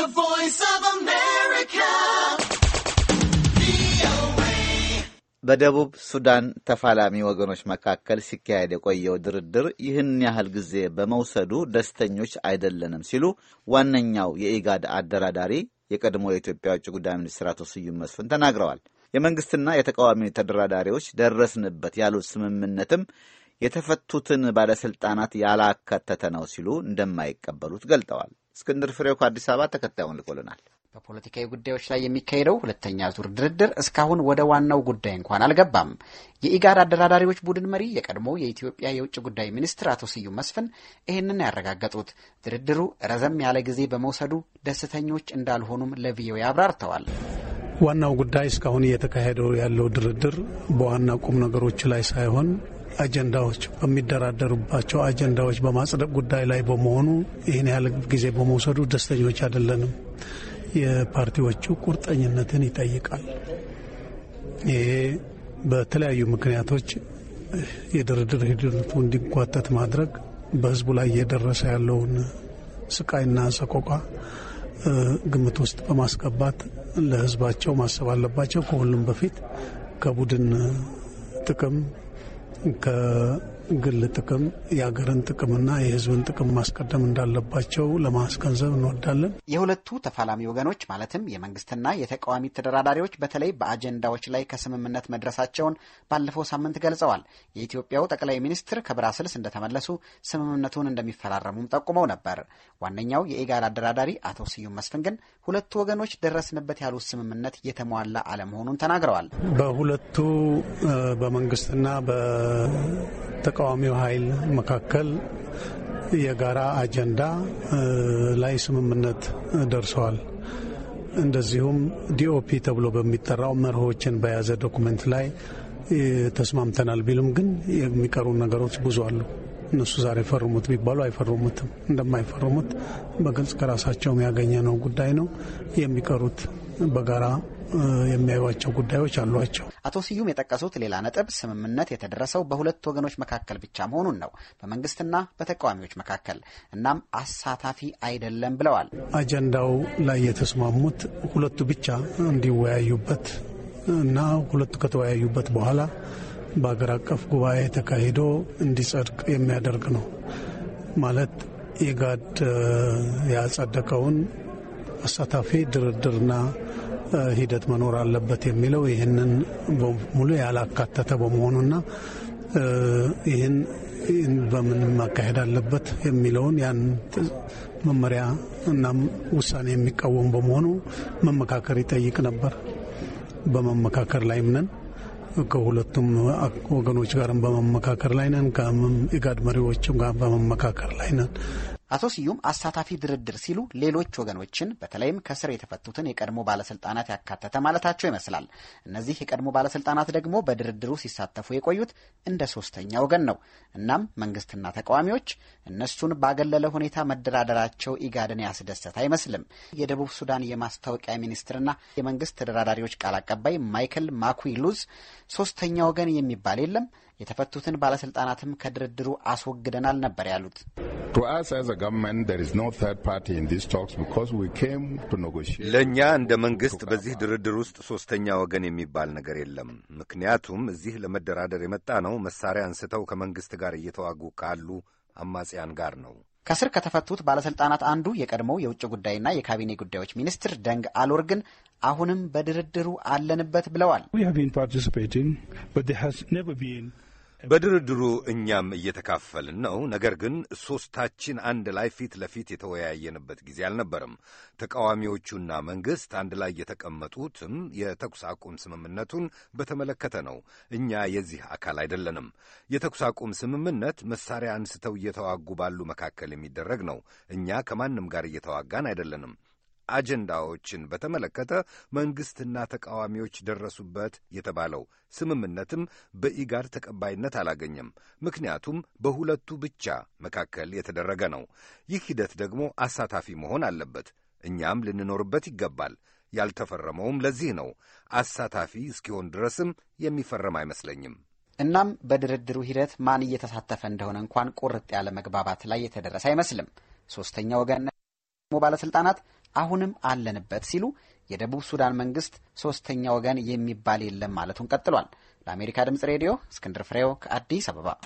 The Voice of America. በደቡብ ሱዳን ተፋላሚ ወገኖች መካከል ሲካሄድ የቆየው ድርድር ይህን ያህል ጊዜ በመውሰዱ ደስተኞች አይደለንም ሲሉ ዋነኛው የኢጋድ አደራዳሪ የቀድሞ የኢትዮጵያ ውጭ ጉዳይ ሚኒስትር አቶ ስዩም መስፍን ተናግረዋል። የመንግስትና የተቃዋሚ ተደራዳሪዎች ደረስንበት ያሉት ስምምነትም የተፈቱትን ባለሥልጣናት ያላካተተ ነው ሲሉ እንደማይቀበሉት ገልጠዋል። እስክንድር ፍሬው ከአዲስ አበባ ተከታዩን ልኮልናል። በፖለቲካዊ ጉዳዮች ላይ የሚካሄደው ሁለተኛ ዙር ድርድር እስካሁን ወደ ዋናው ጉዳይ እንኳን አልገባም። የኢጋድ አደራዳሪዎች ቡድን መሪ የቀድሞ የኢትዮጵያ የውጭ ጉዳይ ሚኒስትር አቶ ስዩም መስፍን ይህንን ያረጋገጡት ድርድሩ ረዘም ያለ ጊዜ በመውሰዱ ደስተኞች እንዳልሆኑም ለቪኦኤ አብራርተዋል። ዋናው ጉዳይ እስካሁን እየተካሄደው ያለው ድርድር በዋና ቁም ነገሮች ላይ ሳይሆን አጀንዳዎች በሚደራደሩባቸው አጀንዳዎች በማጽደቅ ጉዳይ ላይ በመሆኑ ይህን ያህል ጊዜ በመውሰዱ ደስተኞች አይደለንም። የፓርቲዎቹ ቁርጠኝነትን ይጠይቃል። ይሄ በተለያዩ ምክንያቶች የድርድር ሂደቱ እንዲጓተት ማድረግ በህዝቡ ላይ እየደረሰ ያለውን ስቃይና ሰቆቃ ግምት ውስጥ በማስገባት ለህዝባቸው ማሰብ አለባቸው። ከሁሉም በፊት ከቡድን ጥቅም 那个。ግል ጥቅም የሀገርን ጥቅምና የሕዝብን ጥቅም ማስቀደም እንዳለባቸው ለማስገንዘብ እንወዳለን። የሁለቱ ተፋላሚ ወገኖች ማለትም የመንግስትና የተቃዋሚ ተደራዳሪዎች በተለይ በአጀንዳዎች ላይ ከስምምነት መድረሳቸውን ባለፈው ሳምንት ገልጸዋል። የኢትዮጵያው ጠቅላይ ሚኒስትር ከብራስልስ እንደተመለሱ ስምምነቱን እንደሚፈራረሙም ጠቁመው ነበር። ዋነኛው የኢጋድ አደራዳሪ አቶ ስዩም መስፍን ግን ሁለቱ ወገኖች ደረስንበት ያሉት ስምምነት የተሟላ አለመሆኑን ተናግረዋል። በሁለቱ በመንግስትና ተቃዋሚው ኃይል መካከል የጋራ አጀንዳ ላይ ስምምነት ደርሰዋል። እንደዚሁም ዲኦፒ ተብሎ በሚጠራው መርሆችን በያዘ ዶኩመንት ላይ ተስማምተናል ቢሉም ግን የሚቀሩ ነገሮች ብዙ አሉ። እነሱ ዛሬ ፈርሙት ቢባሉ አይፈርሙትም። እንደማይፈርሙት በግልጽ ከራሳቸውም ያገኘ ነው ጉዳይ ነው። የሚቀሩት በጋራ የሚያዩቸው ጉዳዮች አሏቸው። አቶ ስዩም የጠቀሱት ሌላ ነጥብ ስምምነት የተደረሰው በሁለት ወገኖች መካከል ብቻ መሆኑን ነው፣ በመንግስትና በተቃዋሚዎች መካከል እናም አሳታፊ አይደለም ብለዋል። አጀንዳው ላይ የተስማሙት ሁለቱ ብቻ እንዲወያዩበት እና ሁለቱ ከተወያዩበት በኋላ በሀገር አቀፍ ጉባኤ ተካሂዶ እንዲጸድቅ የሚያደርግ ነው። ማለት ኢጋድ ያጸደቀውን አሳታፊ ድርድርና ሂደት መኖር አለበት የሚለው ይህንን ሙሉ ያላካተተ በመሆኑና ይህን በምን ማካሄድ አለበት የሚለውን ያን መመሪያ እና ውሳኔ የሚቃወም በመሆኑ መመካከር ይጠይቅ ነበር። በመመካከር ላይም ነን። ከሁለቱም ወገኖች ጋርም በመመካከር ላይ ነን። ከኢጋድ መሪዎችም ጋር በመመካከር ላይ ነን። አቶ ስዩም አሳታፊ ድርድር ሲሉ ሌሎች ወገኖችን በተለይም ከስር የተፈቱትን የቀድሞ ባለስልጣናት ያካተተ ማለታቸው ይመስላል። እነዚህ የቀድሞ ባለስልጣናት ደግሞ በድርድሩ ሲሳተፉ የቆዩት እንደ ሶስተኛ ወገን ነው። እናም መንግስትና ተቃዋሚዎች እነሱን ባገለለ ሁኔታ መደራደራቸው ኢጋድን ያስደሰት አይመስልም። የደቡብ ሱዳን የማስታወቂያ ሚኒስትርና የመንግስት ተደራዳሪዎች ቃል አቀባይ ማይክል ማኩይሉዝ ሶስተኛ ወገን የሚባል የለም የተፈቱትን ባለስልጣናትም ከድርድሩ አስወግደናል ነበር ያሉት። ለእኛ እንደ መንግስት በዚህ ድርድር ውስጥ ሶስተኛ ወገን የሚባል ነገር የለም። ምክንያቱም እዚህ ለመደራደር የመጣ ነው መሳሪያ አንስተው ከመንግስት ጋር እየተዋጉ ካሉ አማጽያን ጋር ነው። ከስር ከተፈቱት ባለስልጣናት አንዱ የቀድሞው የውጭ ጉዳይና የካቢኔ ጉዳዮች ሚኒስትር ደንግ አሎር ግን አሁንም በድርድሩ አለንበት ብለዋል። በድርድሩ እኛም እየተካፈልን ነው። ነገር ግን ሦስታችን አንድ ላይ ፊት ለፊት የተወያየንበት ጊዜ አልነበረም። ተቃዋሚዎቹና መንግሥት አንድ ላይ የተቀመጡትም የተኩስ አቁም ስምምነቱን በተመለከተ ነው። እኛ የዚህ አካል አይደለንም። የተኩስ አቁም ስምምነት መሳሪያ አንስተው እየተዋጉ ባሉ መካከል የሚደረግ ነው። እኛ ከማንም ጋር እየተዋጋን አይደለንም። አጀንዳዎችን በተመለከተ መንግሥትና ተቃዋሚዎች ደረሱበት የተባለው ስምምነትም በኢጋድ ተቀባይነት አላገኘም። ምክንያቱም በሁለቱ ብቻ መካከል የተደረገ ነው። ይህ ሂደት ደግሞ አሳታፊ መሆን አለበት። እኛም ልንኖርበት ይገባል። ያልተፈረመውም ለዚህ ነው። አሳታፊ እስኪሆን ድረስም የሚፈረም አይመስለኝም። እናም በድርድሩ ሂደት ማን እየተሳተፈ እንደሆነ እንኳን ቁርጥ ያለ መግባባት ላይ የተደረሰ አይመስልም። ሶስተኛ ወገን ባለስልጣናት አሁንም አለንበት ሲሉ የደቡብ ሱዳን መንግስት ሶስተኛ ወገን የሚባል የለም ማለቱን ቀጥሏል። ለአሜሪካ ድምጽ ሬዲዮ እስክንድር ፍሬው ከአዲስ አበባ